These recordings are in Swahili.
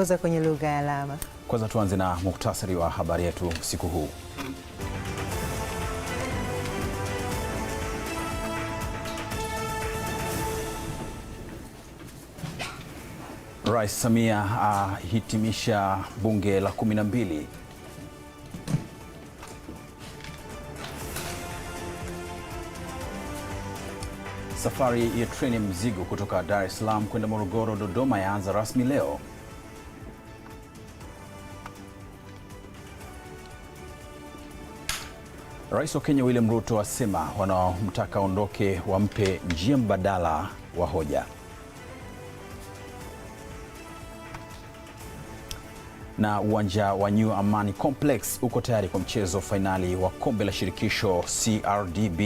kuongoza kwenye lugha ya alama. Kwanza tuanze na muhtasari wa habari yetu siku huu. Rais Samia ahitimisha bunge la 12. Safari ya treni mzigo kutoka Dar es Salaam kwenda Morogoro, Dodoma yaanza rasmi leo. Rais wa Kenya William Ruto asema wanaomtaka aondoke wampe njia mbadala wa hoja. Na uwanja wa New Amani Complex uko tayari kwa mchezo fainali wa kombe la shirikisho CRDB.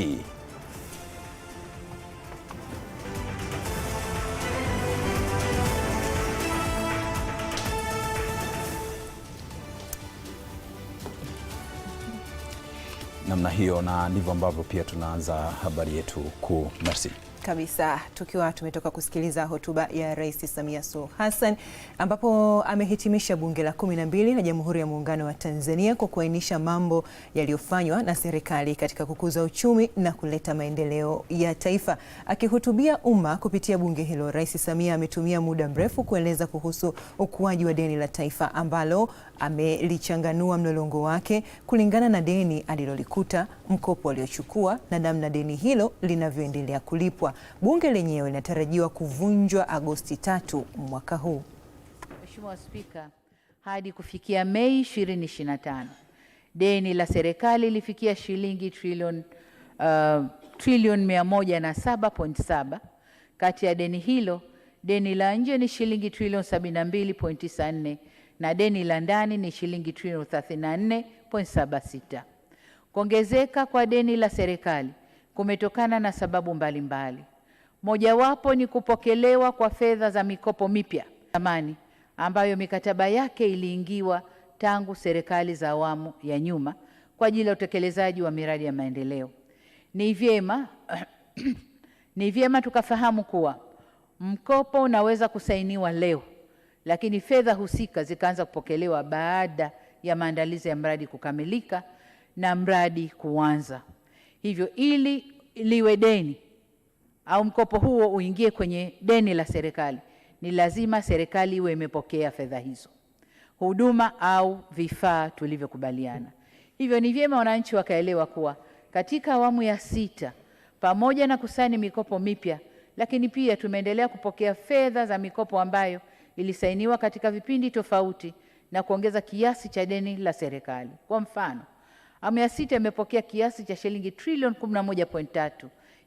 namna hiyo, na ndivyo ambavyo pia tunaanza habari yetu kuu. Merci kabisa tukiwa tumetoka kusikiliza hotuba ya Rais Samia Suluhu Hassan ambapo amehitimisha bunge la kumi na mbili la Jamhuri ya Muungano wa Tanzania kwa kuainisha mambo yaliyofanywa na serikali katika kukuza uchumi na kuleta maendeleo ya taifa. Akihutubia umma kupitia bunge hilo, Rais Samia ametumia muda mrefu kueleza kuhusu ukuaji wa deni la taifa ambalo amelichanganua mlolongo wake kulingana na deni alilolikuta, mkopo aliochukua na namna deni hilo linavyoendelea kulipwa. Bunge lenyewe linatarajiwa kuvunjwa Agosti tatu mwaka huu. Mheshimiwa Spika, hadi kufikia Mei 2025 deni la serikali lilifikia shilingi trilioni uh, trilioni 107.7. Kati ya deni hilo deni la nje ni shilingi trilioni 72.94 na deni la ndani ni shilingi trilioni 34.76. Kuongezeka kwa deni la serikali kumetokana na sababu mbalimbali, mojawapo ni kupokelewa kwa fedha za mikopo mipya zamani ambayo mikataba yake iliingiwa tangu serikali za awamu ya nyuma kwa ajili ya utekelezaji wa miradi ya maendeleo. Ni vyema ni vyema tukafahamu kuwa mkopo unaweza kusainiwa leo lakini fedha husika zikaanza kupokelewa baada ya maandalizi ya mradi kukamilika na mradi kuanza. Hivyo ili liwe deni au mkopo huo uingie kwenye deni la serikali, ni lazima serikali iwe imepokea fedha hizo, huduma au vifaa tulivyokubaliana. Hivyo ni vyema wananchi wakaelewa kuwa katika awamu ya sita, pamoja na kusaini mikopo mipya, lakini pia tumeendelea kupokea fedha za mikopo ambayo ilisainiwa katika vipindi tofauti na kuongeza kiasi cha deni la serikali. Kwa mfano, awamu ya sita imepokea kiasi cha shilingi trilioni 11.3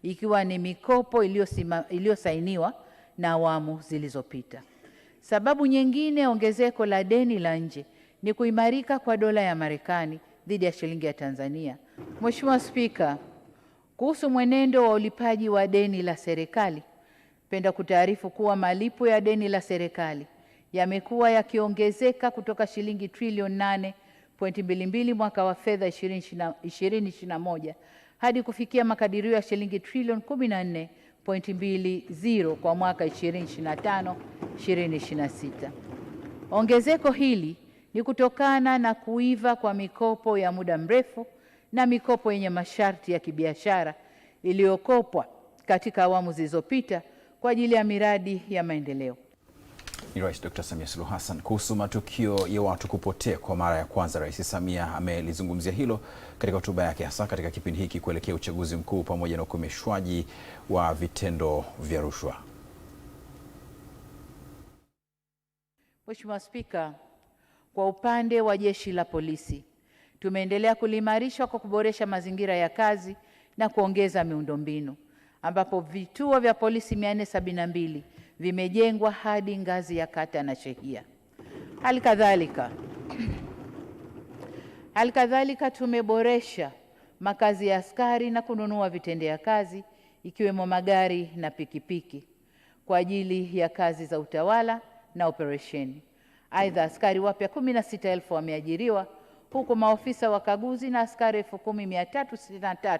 ikiwa ni mikopo iliyosainiwa na awamu zilizopita. Sababu nyingine ya ongezeko la deni la nje ni kuimarika kwa dola ya Marekani dhidi ya shilingi ya Tanzania. Mheshimiwa Spika, kuhusu mwenendo wa ulipaji wa deni la serikali Napenda kutaarifu kuwa malipo ya deni la serikali yamekuwa yakiongezeka kutoka shilingi trilioni 8.22 mwaka wa fedha 2021 hadi kufikia makadirio ya shilingi trilioni 14.20 kwa mwaka 2025 2026. Ongezeko hili ni kutokana na kuiva kwa mikopo ya muda mrefu na mikopo yenye masharti ya kibiashara iliyokopwa katika awamu zilizopita kwa ajili ya miradi ya maendeleo. Ni Rais Dr. Samia Suluhu Hassan. Kuhusu matukio ya watu kupotea kwa mara ya kwanza, Rais Samia amelizungumzia hilo katika hotuba yake, hasa katika kipindi hiki kuelekea uchaguzi mkuu pamoja na ukomeshwaji wa vitendo vya rushwa. Mheshimiwa Spika, kwa upande wa Jeshi la Polisi tumeendelea kuliimarisha kwa kuboresha mazingira ya kazi na kuongeza miundombinu ambapo vituo vya polisi 472 vimejengwa hadi ngazi ya kata na shehia. halikadhalika halikadhalika tumeboresha makazi ya askari na kununua vitendea kazi ikiwemo magari na pikipiki kwa ajili ya kazi za utawala na operesheni. Aidha, askari wapya 16,000 wameajiriwa huku maofisa wakaguzi na askari 10,363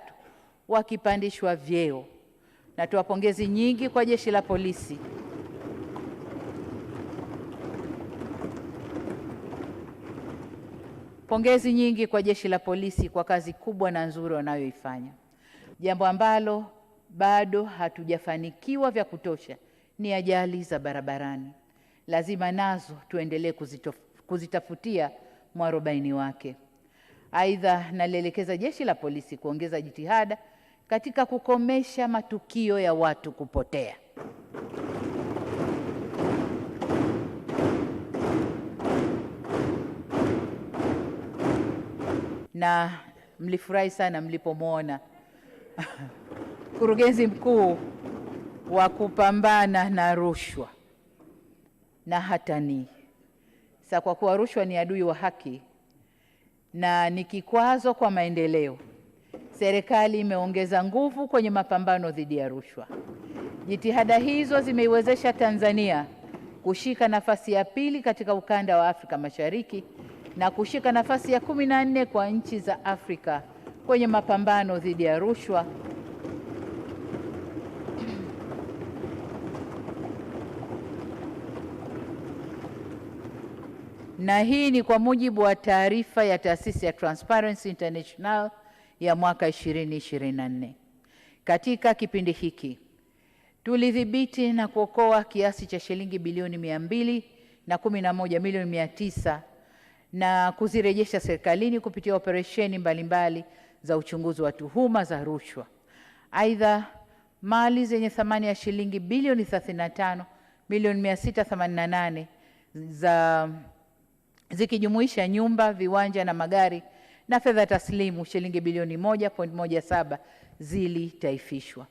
wakipandishwa vyeo. Natoa pongezi nyingi kwa jeshi la polisi pongezi nyingi kwa jeshi la polisi kwa kazi kubwa na nzuri wanayoifanya. Jambo ambalo bado hatujafanikiwa vya kutosha ni ajali za barabarani, lazima nazo tuendelee kuzitafutia mwarobaini wake. Aidha, nalielekeza jeshi la polisi kuongeza jitihada katika kukomesha matukio ya watu kupotea. Na mlifurahi sana mlipomwona mkurugenzi mkuu wa kupambana na rushwa na hata ni sa, kwa kuwa rushwa ni adui wa haki na ni kikwazo kwa maendeleo serikali imeongeza nguvu kwenye mapambano dhidi ya rushwa. Jitihada hizo zimeiwezesha Tanzania kushika nafasi ya pili katika ukanda wa Afrika Mashariki na kushika nafasi ya kumi na nne kwa nchi za Afrika kwenye mapambano dhidi ya rushwa na hii ni kwa mujibu wa taarifa ya taasisi ya Transparency International ya mwaka 2024. Katika kipindi hiki tulidhibiti na kuokoa kiasi cha shilingi bilioni mia mbili na moja milioni mia tisa na kuzirejesha serikalini kupitia operesheni mbalimbali za uchunguzi wa tuhuma za rushwa. Aidha, mali zenye thamani ya shilingi bilioni 35 milioni 688 za zikijumuisha nyumba, viwanja na magari na fedha taslimu shilingi bilioni 1.17 zilitaifishwa.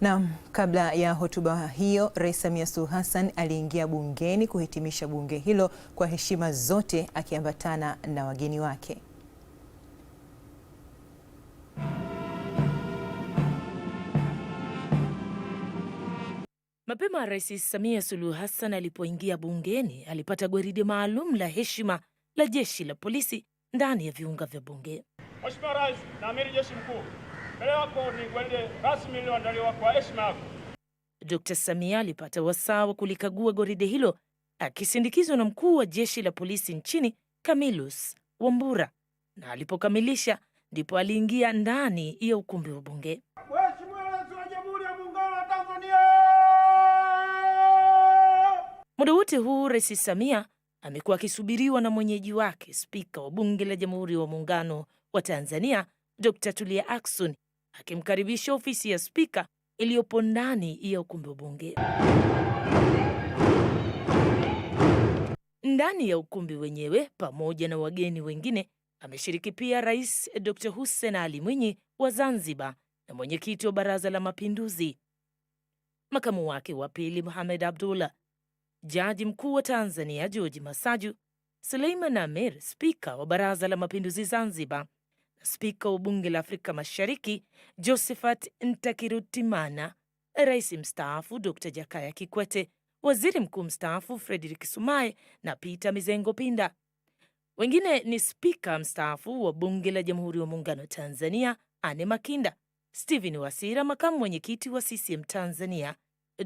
Naam, kabla ya hotuba hiyo, Rais Samia Suluhu Hassan aliingia bungeni kuhitimisha bunge hilo kwa heshima zote akiambatana na wageni wake. Mapema Rais Samia Suluhu Hassan alipoingia bungeni alipata gwaride maalum la heshima la Jeshi la Polisi ndani ya viunga vya bunge. Mheshimiwa Rais na Amiri Jeshi Mkuu, mbele yako ni gwaride rasmi lililoandaliwa kwa heshima yako. Dkt. Samia alipata wasaa wa kulikagua goride hilo akisindikizwa na mkuu wa jeshi la polisi nchini Camillus Wambura, na alipokamilisha ndipo aliingia ndani ya ukumbi wa bunge. Mheshimiwa Rais wa Jamhuri ya Muungano wa Tanzania. Muda wote huu Rais Samia amekuwa akisubiriwa na mwenyeji wake spika wa bunge la Jamhuri wa Muungano wa Tanzania Dr. Tulia akson akimkaribisha ofisi ya spika iliyopo ndani ya ukumbi wa bunge. Ndani ya ukumbi wenyewe pamoja na wageni wengine ameshiriki pia Rais Dr. Hussein Ali Mwinyi wa Zanzibar na mwenyekiti wa Baraza la Mapinduzi, makamu wake wa pili muhamed Abdullah Jaji Mkuu wa Tanzania George Masaju, Suleiman amir Spika wa Baraza la Mapinduzi Zanzibar na Spika wa Bunge la Afrika Mashariki Josephat Ntakirutimana, Rais mstaafu Dr. Jakaya Kikwete, Waziri Mkuu mstaafu Frederick Sumaye na Peter Mizengo Pinda. Wengine ni Spika mstaafu wa Bunge la Jamhuri ya Muungano wa Tanzania Anne Makinda, Stephen Wasira, makamu mwenyekiti wa CCM Tanzania,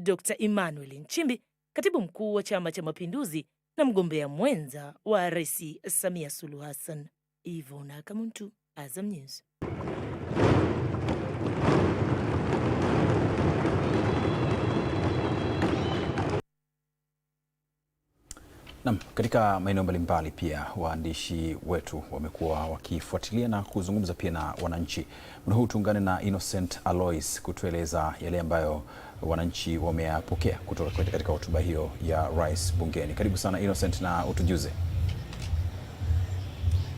Dr. Emmanuel Nchimbi katibu mkuu wa Chama cha Mapinduzi na mgombea mwenza wa Rais Samia Suluhu Hassan. Ivona Kamuntu, Azam News. Nam, katika maeneo mbalimbali pia waandishi wetu wamekuwa wakifuatilia na kuzungumza pia na wananchi. Muda huu tuungane na Innocent Alois kutueleza yale ambayo wananchi wameyapokea kutoka katika hotuba hiyo ya rais bungeni. Karibu sana Innocent na utujuze.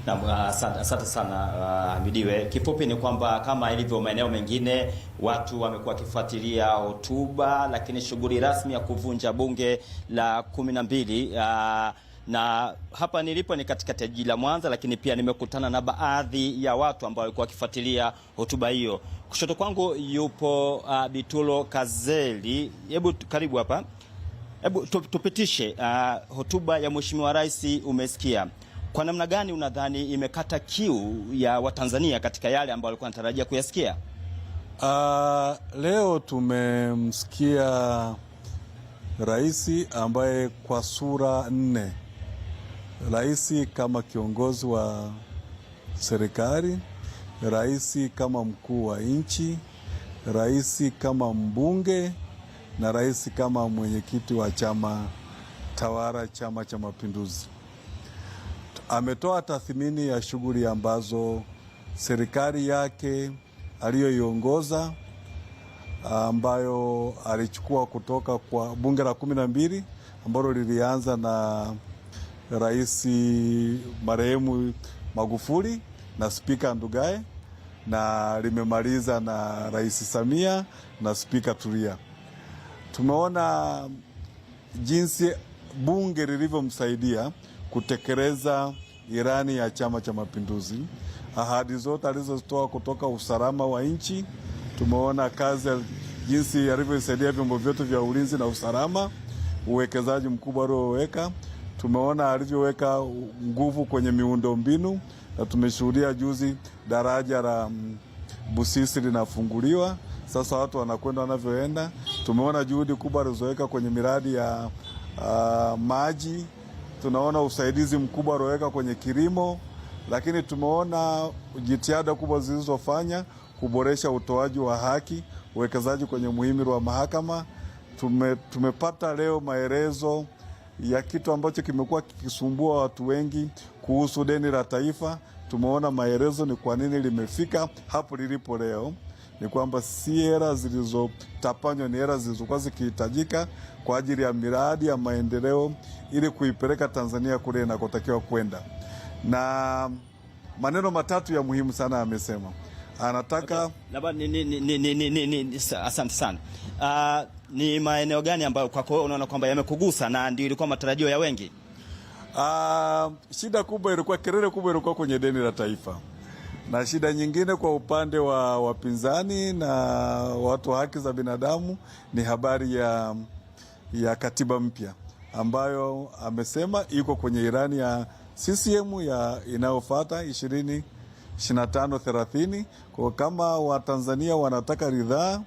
Uh, asante sana, sana uh, Kifupi ni kwamba kama ilivyo maeneo mengine watu wamekuwa wakifuatilia hotuba, lakini shughuli rasmi ya kuvunja bunge la kumi na mbili uh, na hapa nilipo ni katika ya jiji la Mwanza, lakini pia nimekutana na baadhi ya watu ambao walikuwa wakifuatilia hotuba hiyo. Kushoto kwangu yupo uh, Bitulo Kazeli. Hebu karibu hapa, hebu tupitishe uh, hotuba ya Mheshimiwa Rais. Umesikia kwa namna gani unadhani imekata kiu ya Watanzania katika yale ambayo walikuwa wanatarajia kuyasikia? Uh, leo tumemsikia rais ambaye kwa sura nne Rais kama kiongozi wa serikali, rais kama mkuu wa nchi, rais kama mbunge na rais kama mwenyekiti wa chama tawala, Chama cha Mapinduzi. Ametoa tathmini ya shughuli ambazo serikali yake aliyoiongoza ambayo alichukua kutoka kwa bunge la kumi na mbili ambalo lilianza na Rais marehemu Magufuli na Spika Ndugai na limemaliza na Rais Samia na Spika Tulia. Tumeona jinsi bunge lilivyomsaidia kutekeleza irani ya Chama cha Mapinduzi, ahadi zote alizotoa kutoka usalama wa nchi. Tumeona kazi jinsi alivyosaidia vyombo vyote vya ulinzi na usalama, uwekezaji mkubwa alioweka Tumeona alivyoweka nguvu kwenye miundo mbinu na tumeshuhudia juzi daraja la mm, Busisi linafunguliwa sasa, watu wanakwenda wanavyoenda. Tumeona juhudi kubwa alizoweka kwenye miradi ya uh, maji. Tunaona usaidizi mkubwa alioweka kwenye kilimo, lakini tumeona jitihada kubwa zilizofanya kuboresha utoaji wa haki, uwekezaji kwenye muhimili wa mahakama. Tume, tumepata leo maelezo ya kitu ambacho kimekuwa kikisumbua watu wengi kuhusu deni la taifa. Tumeona maelezo ni kwa nini limefika hapo lilipo leo ni kwamba si hela zilizotapanywa, ni hela zilizokuwa zikihitajika kwa ajili ya miradi ya maendeleo ili kuipeleka Tanzania kule inakotakiwa kwenda. Na maneno matatu ya muhimu sana amesema anataka, labda asante sana ni maeneo gani ambayo kwako wewe unaona kwamba yamekugusa na ndio ilikuwa matarajio ya wengi? Uh, shida kubwa ilikuwa, kelele kubwa ilikuwa kwenye deni la taifa na shida nyingine kwa upande wa wapinzani na watu wa haki za binadamu ni habari ya, ya katiba mpya ambayo amesema iko kwenye irani ya CCM ya inayofuata 20 25 30. Kwa kama Watanzania wanataka ridhaa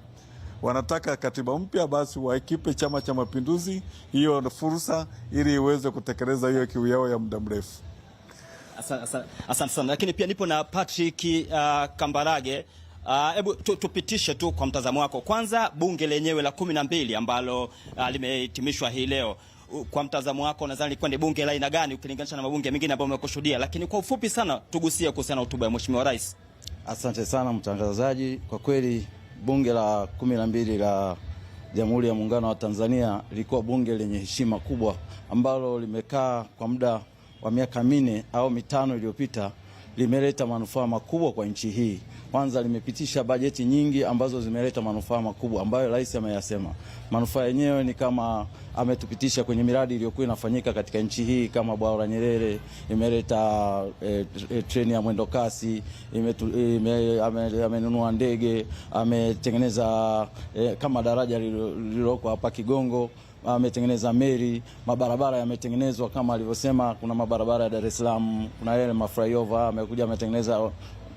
wanataka katiba mpya, basi wakipe Chama cha Mapinduzi hiyo fursa ili iweze kutekeleza hiyo kiu yao ya muda mrefu. Asante sana Lakini pia nipo na Patrick uh, Kambarage. Hebu uh, tupitishe tu kwa mtazamo wako kwanza bunge lenyewe la kumi na mbili ambalo uh, limehitimishwa hii leo uh, kwa mtazamo wako nadhani ilikuwa ni bunge la aina gani ukilinganisha na mabunge mengine ambayo umekushuhudia, lakini kwa ufupi sana tugusie kuhusiana na hotuba ya Mheshimiwa Rais. Asante sana mtangazaji, kwa kweli Bunge la kumi na mbili la Jamhuri ya Muungano wa Tanzania lilikuwa bunge lenye heshima kubwa ambalo limekaa kwa muda wa miaka minne au mitano iliyopita, limeleta manufaa makubwa kwa nchi hii kwanza limepitisha bajeti nyingi ambazo zimeleta manufaa makubwa ambayo rais ameyasema. Manufaa yenyewe ni kama ametupitisha kwenye miradi iliyokuwa inafanyika katika nchi hii kama bwawa la Nyerere, imeleta e, treni ya mwendo kasi, ime, amenunua ndege, ametengeneza e, kama daraja lililoko hapa Kigongo ametengeneza meli, mabarabara yametengenezwa kama alivyosema. Kuna mabarabara ya Dar es Salaam, kuna yale maflyover amekuja ametengeneza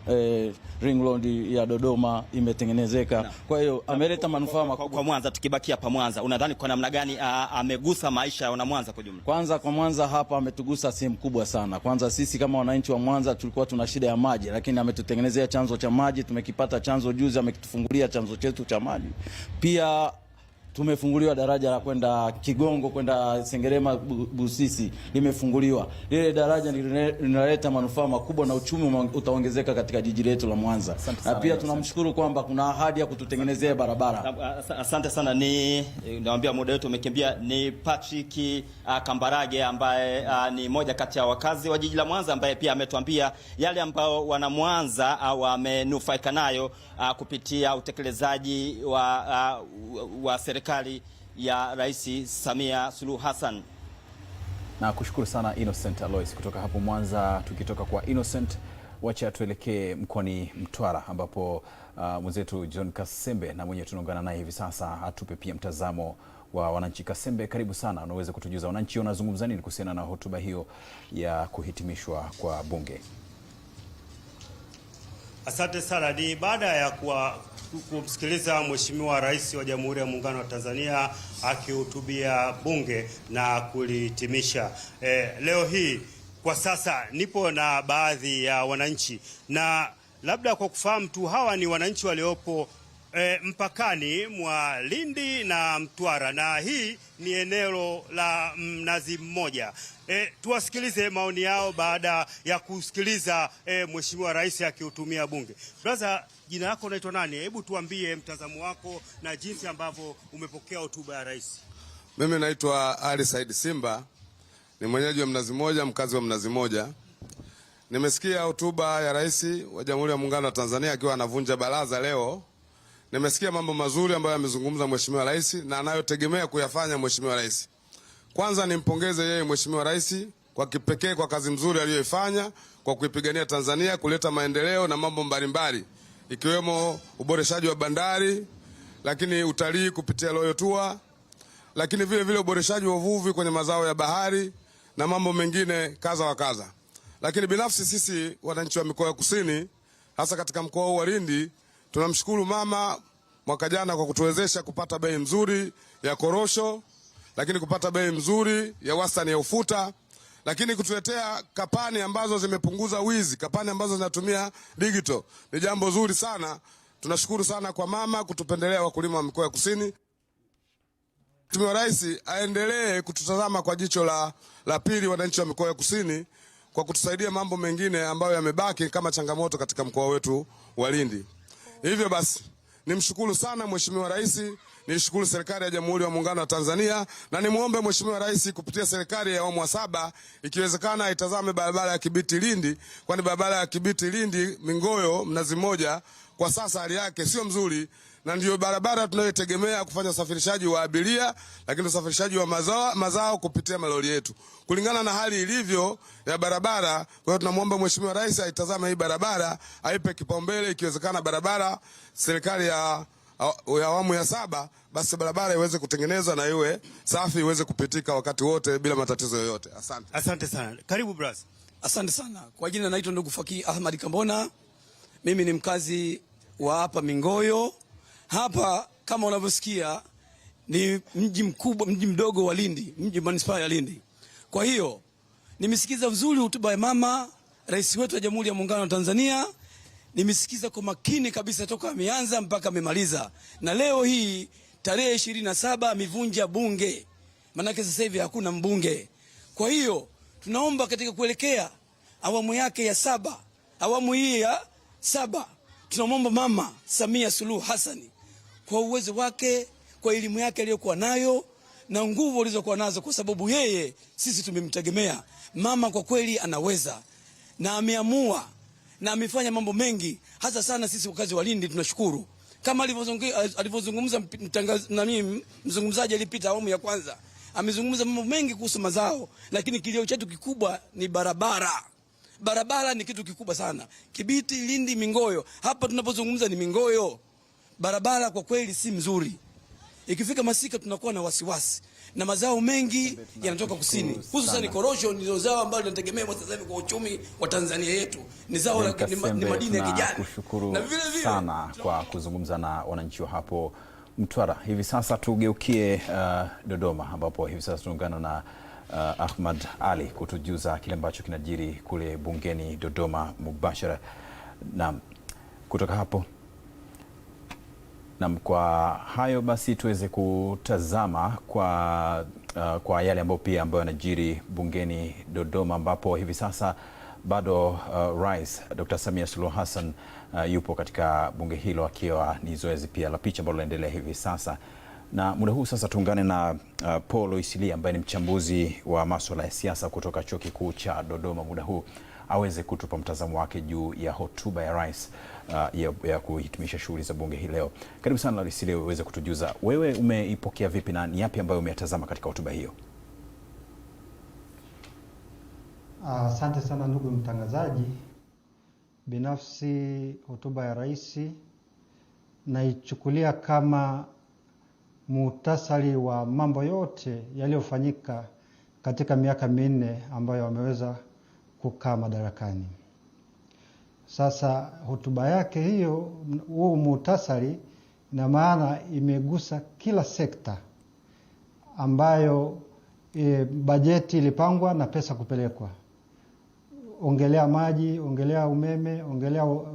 eh, ring road ya Dodoma imetengenezeka na. Kwa hiyo ameleta manufaa makubwa kwa Mwanza. Tukibakia hapa Mwanza, unadhani kwa namna gani amegusa maisha ya Mwanza kwa jumla? Kwanza kwa Mwanza hapa ametugusa sehemu kubwa sana. Kwanza sisi kama wananchi wa Mwanza tulikuwa tuna shida ya maji, lakini ametutengenezea chanzo cha maji, tumekipata chanzo juzi, ametufungulia chanzo chetu cha maji pia tumefunguliwa daraja la kwenda Kigongo kwenda Sengerema Busisi limefunguliwa. Lile daraja linaleta manufaa makubwa na uchumi utaongezeka katika jiji letu la Mwanza, na pia tunamshukuru kwamba kuna ahadi ya kututengenezea barabara. Asante sana, ni naambia muda wetu umekimbia. Ni Patrick ah, Kambarage ambaye ah, ni moja kati ya wakazi wa jiji la Mwanza ambaye pia ametuambia yale ambao wana Mwanza ah, wamenufaika nayo kupitia utekelezaji wa, wa, wa serikali serikali ya Rais Samia Suluhu Hassan. Na kushukuru sana Innocent Alois kutoka hapo Mwanza. Tukitoka kwa Innocent, wacha tuelekee mkoani Mtwara ambapo uh, mwenzetu John Kasembe na mwenye tunaungana naye hivi sasa atupe pia mtazamo wa wananchi. Kasembe, karibu sana, unaweza kutujuza wananchi wanazungumza nini kuhusiana na hotuba hiyo ya kuhitimishwa kwa bunge? Asante sana. Ni baada ya kumsikiliza Mheshimiwa Rais wa Jamhuri ya Muungano wa Tanzania akihutubia Bunge na kulihitimisha e, leo hii. Kwa sasa nipo na baadhi ya wananchi na labda kwa kufahamu tu hawa ni wananchi waliopo e, mpakani mwa Lindi na Mtwara na hii ni eneo la Mnazi Mmoja. E, tuwasikilize maoni yao baada ya kusikiliza e, Mheshimiwa Rais akihutubia Bunge. Brother, jina lako unaitwa nani? Hebu tuambie mtazamo wako na jinsi ambavyo umepokea hotuba ya Rais. Mimi naitwa Ali Said Simba, ni mwenyeji wa Mnazi Mmoja, mkazi wa Mnazi Mmoja. Nimesikia hotuba ya Rais wa Jamhuri ya Muungano wa Tanzania akiwa anavunja baraza leo Nimesikia mambo mazuri ambayo amezungumza Mheshimiwa Rais na anayotegemea kuyafanya Mheshimiwa Rais. Kwanza nimpongeze yeye Mheshimiwa Rais kwa kipekee kwa kazi nzuri aliyoifanya kwa kuipigania Tanzania kuleta maendeleo na mambo mbalimbali ikiwemo uboreshaji wa bandari, lakini utalii kupitia Royal Tour, lakini vile vile uboreshaji wa uvuvi kwenye mazao ya bahari na mambo mengine kadha wa kadha. Lakini binafsi sisi wananchi wa mikoa ya Kusini hasa katika mkoa huu wa Lindi Tunamshukuru mama mwaka jana kwa kutuwezesha kupata bei mzuri ya korosho, lakini kupata bei mzuri ya wastani ya ufuta, lakini kutuletea kapani ambazo zimepunguza wizi, kapani ambazo zinatumia digital ni jambo zuri sana. Tunashukuru sana kwa mama kutupendelea wakulima wa mikoa ya Kusini. Mheshimiwa Rais aendelee kututazama kwa jicho la, la pili wananchi wa mikoa ya Kusini kwa kutusaidia mambo mengine ambayo yamebaki kama changamoto katika mkoa wetu wa Lindi. Hivyo basi nimshukuru sana Mheshimiwa Rais, nishukuru serikali ya Jamhuri ya Muungano wa Tanzania na nimwombe Mheshimiwa Rais kupitia serikali ya awamu ya saba, ikiwezekana itazame barabara ya Kibiti Lindi, kwani barabara ya Kibiti Lindi Mingoyo Mnazi Mmoja kwa sasa hali yake sio mzuri, na ndio barabara tunayotegemea kufanya usafirishaji wa abiria, lakini usafirishaji wa mazao, mazao kupitia malori yetu kulingana na hali ilivyo ya barabara. Kwa hiyo tunamwomba Mheshimiwa Rais aitazame hii barabara, aipe kipaumbele, ikiwezekana barabara serikali ya awamu ya saba basi barabara iweze kutengenezwa na iwe safi iweze kupitika wakati wote bila matatizo yoyote. Asante, asante sana. Karibu brother. Asante sana. Kwa jina naitwa ndugu Fakii Ahmad Kambona, mimi ni mkazi wa hapa Mingoyo. Hapa kama unavyosikia ni mji mkubwa, mji mdogo wa Lindi, mji manispaa ya Lindi. Kwa hiyo nimesikiza vizuri hotuba ya mama rais wetu wa Jamhuri ya Muungano wa Tanzania, nimesikiza kwa makini kabisa toka ameanza mpaka amemaliza, na leo hii tarehe ishirini na saba amevunja bunge, maanake sasa hivi hakuna mbunge. Kwa hiyo tunaomba katika kuelekea awamu yake ya saba, awamu hii ya saba tunamwomba Mama Samia Suluhu hasani kwa uwezo wake, kwa elimu yake aliyokuwa nayo na nguvu alizokuwa nazo, kwa sababu yeye sisi tumemtegemea mama. Kwa kweli anaweza na ameamua na amefanya mambo mengi, hasa sana sisi wakazi wa Lindi tunashukuru, kama alivyozungumza na mimi mzungumzaji alipita awamu ya kwanza, amezungumza mambo mengi kuhusu mazao, lakini kilio chetu kikubwa ni barabara. Barabara ni kitu kikubwa sana. Kibiti, Lindi, Mingoyo, hapa tunapozungumza ni Mingoyo. Barabara kwa kweli si mzuri. Ikifika masika tunakuwa na wasiwasi na mazao mengi yanatoka kusini, hususan korosho. Ni zao ambalo linategemewa sasa hivi kwa uchumi wa Tanzania yetu, ni zao la madini ya kijani. Na vile vile sana kwa kuzungumza na wananchi wa hapo Mtwara. Hivi sasa tugeukie uh, Dodoma ambapo hivi sasa tunaungana na uh, Ahmad Ali kutujuza kile ambacho kinajiri kule bungeni Dodoma mubashara. Naam, kutoka hapo Naam, kwa hayo basi tuweze kutazama kwa, uh, kwa yale ambayo pia ambayo yanajiri bungeni Dodoma ambapo hivi sasa bado uh, Rais Dr. Samia Suluhu Hassan uh, yupo katika bunge hilo akiwa ni zoezi pia la picha ambalo linaendelea hivi sasa. Na muda huu sasa tuungane na uh, Paul Loisilia ambaye ni mchambuzi wa masuala ya siasa kutoka Chuo Kikuu cha Dodoma, muda huu aweze kutupa mtazamo wake juu ya hotuba ya rais uh, ya, ya kuhitimisha shughuli za bunge hii leo. Karibu sana Loisilia, uweze kutujuza wewe umeipokea vipi na ni yapi ambayo umeyatazama katika hotuba hiyo? Asante uh, sana ndugu mtangazaji. Binafsi hotuba ya rais naichukulia kama muhtasari wa mambo yote yaliyofanyika katika miaka minne ambayo wameweza kukaa madarakani. Sasa hotuba yake hiyo, huo muhtasari, na maana imegusa kila sekta ambayo e, bajeti ilipangwa na pesa kupelekwa. Ongelea maji, ongelea umeme, ongelea uh,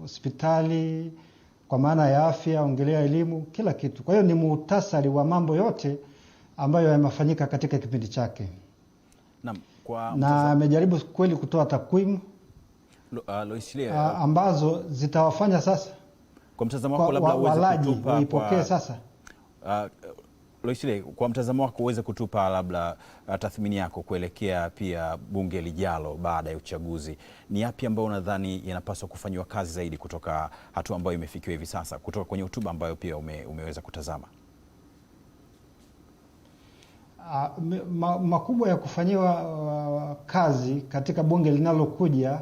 hospitali uh, kwa maana ya afya, ongelea elimu, kila kitu. Kwa hiyo ni muhtasari wa mambo yote ambayo yamefanyika katika kipindi chake na, kwa na amejaribu kweli kutoa takwimu Lo, uh, ambazo zitawafanya sasa kwa mtazamo wako labda uweze kutupa waipokee sasa uh, Loisile, kwa mtazamo wako uweze kutupa labda uh, tathmini yako kuelekea pia bunge lijalo baada ya uchaguzi, ni yapi ambayo unadhani yanapaswa kufanyiwa kazi zaidi kutoka hatua ambayo imefikiwa hivi sasa, kutoka kwenye hotuba ambayo pia ume, umeweza kutazama? Uh, ma, makubwa ya kufanyiwa uh, kazi katika bunge linalokuja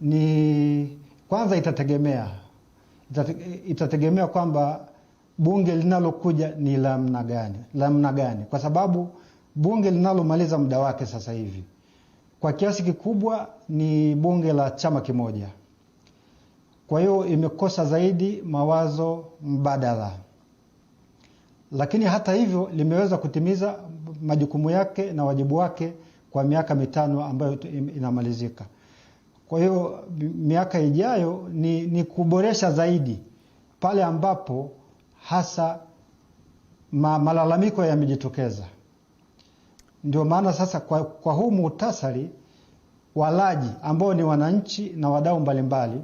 ni kwanza, itategemea itategemea kwamba bunge linalokuja ni la mna gani, la mna gani, kwa sababu bunge linalomaliza muda wake sasa hivi kwa kiasi kikubwa ni bunge la chama kimoja. Kwa hiyo imekosa zaidi mawazo mbadala, lakini hata hivyo limeweza kutimiza majukumu yake na wajibu wake kwa miaka mitano ambayo inamalizika. Kwa hiyo miaka ijayo ni, ni kuboresha zaidi pale ambapo hasa ma, malalamiko yamejitokeza. Ndio maana sasa kwa, kwa huu muhtasari walaji ambao ni wananchi na wadau mbalimbali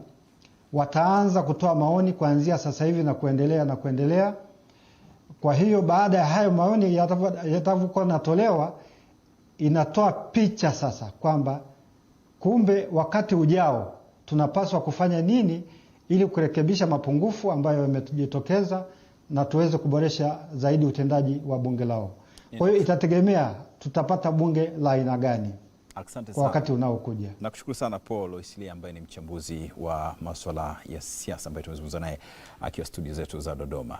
wataanza kutoa maoni kuanzia sasa hivi na kuendelea na kuendelea. Kwa hiyo baada ya hayo maoni yatavyokuwa natolewa, inatoa picha sasa kwamba kumbe wakati ujao tunapaswa kufanya nini ili kurekebisha mapungufu ambayo yamejitokeza na tuweze kuboresha zaidi utendaji wa bunge lao. Kwa hiyo itategemea tutapata bunge la aina gani. Asante Wakati unaokuja. Nakushukuru sana Paul Oisili ambaye ni mchambuzi wa masuala ya siasa ambaye tumezungumza naye akiwa studio zetu za Dodoma.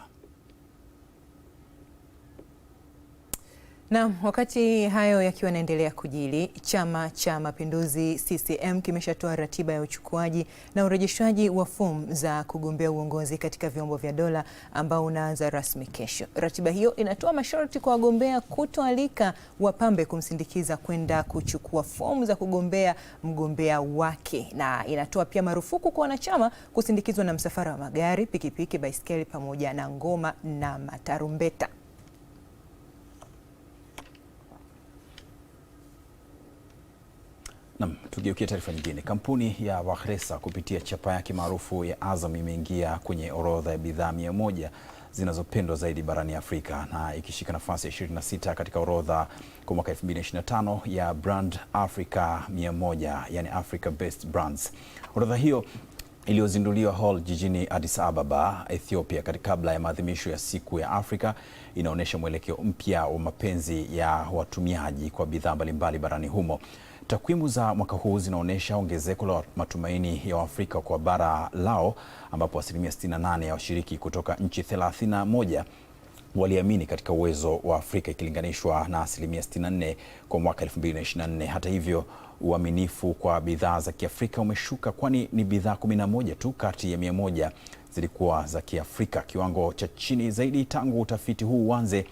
Na wakati hayo yakiwa yanaendelea kujili, Chama cha Mapinduzi CCM kimeshatoa ratiba ya uchukuaji na urejeshwaji wa fomu za kugombea uongozi katika vyombo vya dola ambao unaanza rasmi kesho. Ratiba hiyo inatoa masharti kwa wagombea kutoalika wapambe kumsindikiza kwenda kuchukua fomu za kugombea mgombea wake, na inatoa pia marufuku kwa wanachama kusindikizwa na msafara wa magari, pikipiki, baiskeli pamoja na ngoma na matarumbeta. Nam, tugeukie taarifa nyingine. Kampuni ya wahresa kupitia chapa yake maarufu ya Azam imeingia kwenye orodha ya bidhaa mia moja zinazopendwa zaidi barani Afrika na ikishika nafasi ya 26 katika orodha kwa mwaka 2025 ya Brand Africa 100, yani Africa Best Brands. Orodha hiyo iliyozinduliwa Hall jijini Addis Ababa, Ethiopia, kabla ya maadhimisho ya siku ya Afrika inaonyesha mwelekeo mpya wa mapenzi ya watumiaji kwa bidhaa mbalimbali barani humo. Takwimu za mwaka huu zinaonyesha ongezeko la matumaini ya Waafrika kwa bara lao ambapo asilimia 68 ya washiriki kutoka nchi 31 waliamini katika uwezo wa Afrika ikilinganishwa na asilimia 64 kwa mwaka 2024. Hata hivyo, uaminifu kwa bidhaa za Kiafrika umeshuka kwani ni bidhaa 11 tu kati ya 100 zilikuwa za Kiafrika, kiwango cha chini zaidi tangu utafiti huu uanze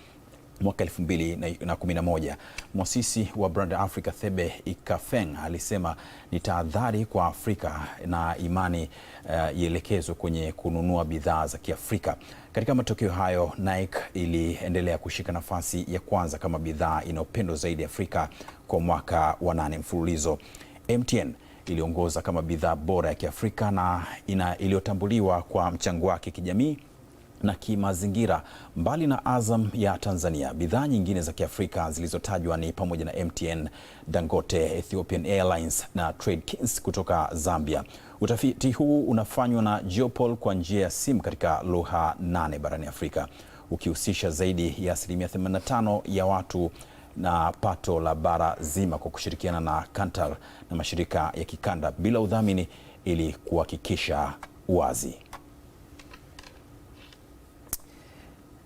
mwaka 2011. Mwasisi wa Brand Africa Thebe Ikafeng alisema ni tahadhari kwa Afrika na imani uh, eh, ielekezwe kwenye kununua bidhaa za Kiafrika. Katika matokeo hayo, Nike iliendelea kushika nafasi ya kwanza kama bidhaa inayopendwa zaidi Afrika kwa mwaka wa nane mfululizo. MTN iliongoza kama bidhaa bora ya Kiafrika na iliyotambuliwa kwa mchango wake kijamii na kimazingira. Mbali na Azam ya Tanzania, bidhaa nyingine za Kiafrika zilizotajwa ni pamoja na MTN, Dangote, Ethiopian Airlines na Tradekins kutoka Zambia. Utafiti huu unafanywa na Geopol kwa njia ya simu katika lugha nane barani Afrika, ukihusisha zaidi ya asilimia 85 ya watu na pato la bara zima kwa kushirikiana na Kantar na mashirika ya kikanda bila udhamini ili kuhakikisha uwazi.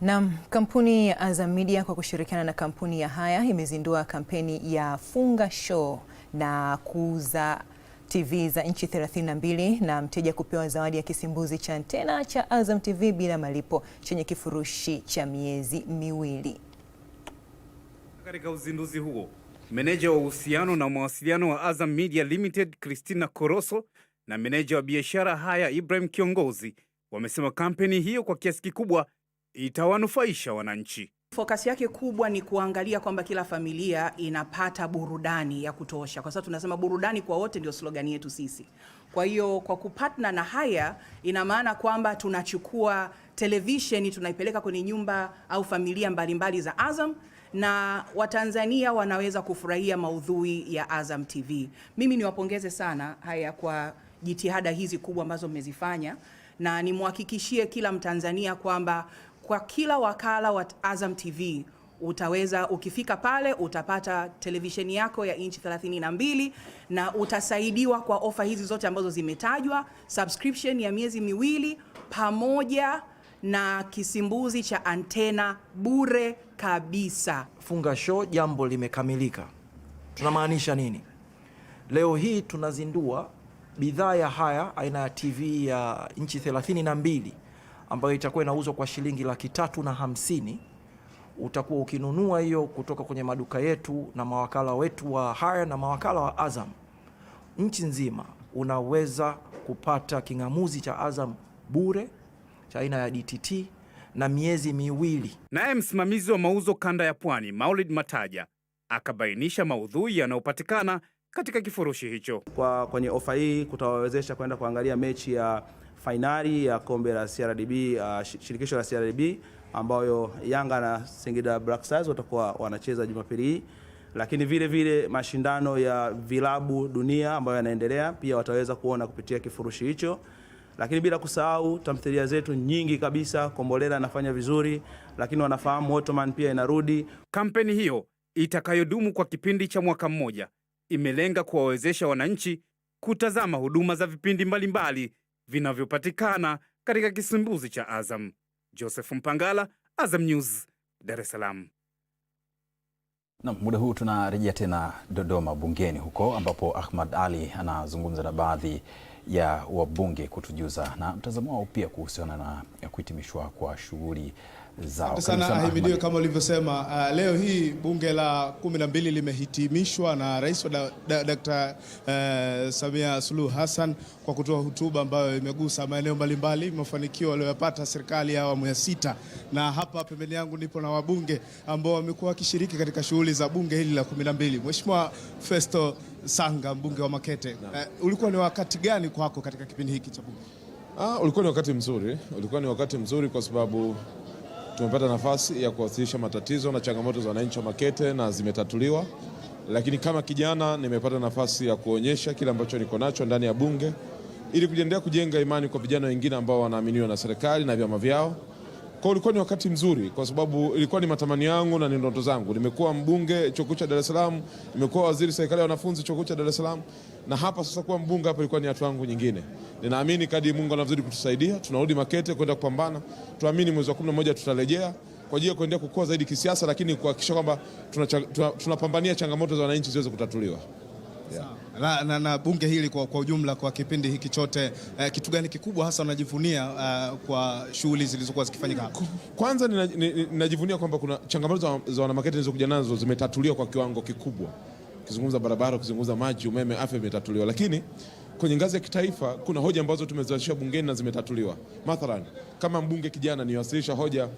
Naam, kampuni ya Azam Media kwa kushirikiana na kampuni ya Haya imezindua kampeni ya Funga Show na kuuza TV za nchi 32 na mteja kupewa zawadi ya kisimbuzi cha antena cha Azam TV bila malipo chenye kifurushi cha miezi miwili. Katika uzinduzi huo, meneja wa uhusiano na mawasiliano wa Azam Media Limited, Christina Koroso na meneja wa biashara Haya Ibrahim Kiongozi wamesema kampeni hiyo kwa kiasi kikubwa itawanufaisha wananchi. Fokasi yake kubwa ni kuangalia kwamba kila familia inapata burudani ya kutosha, kwa sababu tunasema burudani kwa wote, ndio slogani yetu sisi. Kwa hiyo kwa kupatna na haya, ina maana kwamba tunachukua televisheni tunaipeleka kwenye nyumba au familia mbalimbali mbali za Azam na Watanzania wanaweza kufurahia maudhui ya Azam TV. Mimi niwapongeze sana haya kwa jitihada hizi kubwa ambazo mmezifanya na nimwhakikishie kila Mtanzania kwamba kwa kila wakala wa Azam TV utaweza ukifika pale utapata televisheni yako ya inchi 32 na utasaidiwa kwa ofa hizi zote ambazo zimetajwa, subscription ya miezi miwili pamoja na kisimbuzi cha antena bure kabisa. Funga show, jambo limekamilika. Tunamaanisha nini? Leo hii tunazindua bidhaa ya Haya aina ya TV ya inchi 32 ambayo itakuwa inauzwa kwa shilingi laki tatu na hamsini. Utakuwa ukinunua hiyo kutoka kwenye maduka yetu na mawakala wetu wa haya na mawakala wa Azam nchi nzima. Unaweza kupata king'amuzi cha Azam bure cha aina ya DTT na miezi miwili. Naye msimamizi wa mauzo kanda ya Pwani, Maulid Mataja, akabainisha maudhui yanayopatikana katika kifurushi hicho. Kwa kwenye ofa hii kutawawezesha kwenda kuangalia mechi ya fainali ya kombe la CRDB uh, shirikisho la CRDB ambayo Yanga na Singida Black Stars watakuwa wanacheza Jumapili hii, lakini vile vile mashindano ya vilabu dunia ambayo yanaendelea pia wataweza kuona kupitia kifurushi hicho, lakini bila kusahau tamthilia zetu nyingi kabisa. Kombolela anafanya vizuri, lakini wanafahamu Ottoman pia inarudi. Kampeni hiyo itakayodumu kwa kipindi cha mwaka mmoja imelenga kuwawezesha wananchi kutazama huduma za vipindi mbalimbali mbali vinavyopatikana katika kisimbuzi cha Azam. Joseph Mpangala, Azam News, Dar es Salaam. Na muda huu tunarejea tena Dodoma bungeni huko ambapo Ahmad ali anazungumza na baadhi ya wabunge kutujuza na mtazamo wao pia kuhusiana na kuhitimishwa kwa shughuli zao sana. Ahimidiwe kama ulivyosema. Uh, leo hii bunge la kumi na mbili limehitimishwa na Rais wa da, da, uh, Samia Suluhu Hassan kwa kutoa hotuba ambayo imegusa maeneo mbalimbali, mafanikio waliyopata serikali ya awamu ya sita, na hapa pembeni yangu nipo na wabunge ambao wamekuwa wakishiriki katika shughuli za bunge hili la kumi na mbili. Mheshimiwa Festo Sanga, mbunge wa Makete, uh, ulikuwa ni wakati gani kwako katika kipindi hiki cha bunge? Ah, ulikuwa ni wakati mzuri, ulikuwa ni wakati mzuri kwa sababu tumepata nafasi ya kuwasilisha matatizo na changamoto za wananchi wa Makete na zimetatuliwa, lakini kama kijana nimepata nafasi ya kuonyesha kile ambacho niko nacho ndani ya Bunge ili kujiendelea kujenga imani kwa vijana wengine ambao wanaaminiwa na serikali na vyama vyao. Kwa ulikuwa ni wakati mzuri, kwa sababu ilikuwa ni matamanio yangu na ni ndoto zangu. Nimekuwa mbunge chuo kikuu cha Dar es Salaam, nimekuwa waziri serikali ya wanafunzi chuo kikuu cha Dar es Salaam, na hapa sasa kuwa mbunge hapa ilikuwa ni hatua yangu nyingine. Ninaamini kadi Mungu anazidi kutusaidia, tunarudi Makete kwenda kupambana. Tuamini mwezi wa moja tutarejea kwa ajili ya kuendelea kukua zaidi kisiasa, lakini kuhakikisha kwamba tunapambania tuna, tuna changamoto za wananchi ziweze kutatuliwa. Na, na, na bunge hili kwa, kwa ujumla kwa kipindi hiki chote eh, kitu gani kikubwa hasa unajivunia uh, kwa shughuli zilizokuwa zikifanyika hapa? Kwanza ninajivunia nina, kwamba kuna changamoto za, za wanamaketi zilizokuja nazo zimetatuliwa kwa kiwango kikubwa, ukizungumza barabara, ukizungumza maji, umeme, afya imetatuliwa, lakini kwenye ngazi ya kitaifa kuna hoja ambazo tumeziwasilisha bungeni na zimetatuliwa. Mathalan, kama mbunge kijana niwasilisha hoja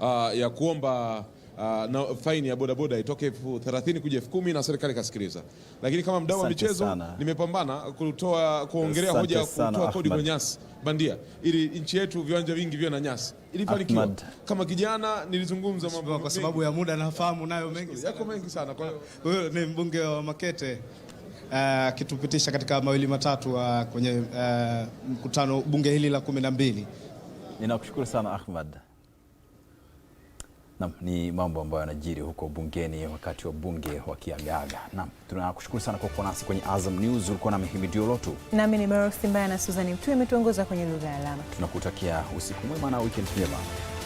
uh, ya kuomba uh, na faini ya bodaboda itoke elfu thelathini kuja elfu kumi na serikali kasikiliza. Lakini kama mdau wa michezo nimepambana kutoa kuongelea hoja ya kutoa kodi kwa nyasi bandia ili nchi yetu viwanja vingi viwe na nyasi ilifanikiwa. Kama kijana nilizungumza mambo kwa sababu ya muda, nafahamu nayo mengi sana. Yako mengi sana. Kwa hiyo ni mbunge wa Makete eh, akitupitisha uh, katika mawili matatu uh, kwenye uh, mkutano bunge hili la kumi na mbili. Ninakushukuru sana Ahmad. Naam, ni mambo ambayo yanajiri huko bungeni wakati wa bunge wakiagaaga. Naam, tunakushukuru sana kwa kuwa nasi kwenye Azam News. Ulikuwa na Mehimidio Lotu, nami ni Merosi Mbaya na Suzani Mtu ametuongoza kwenye lugha ya alama. Tunakutakia usiku mwema na weekend njema.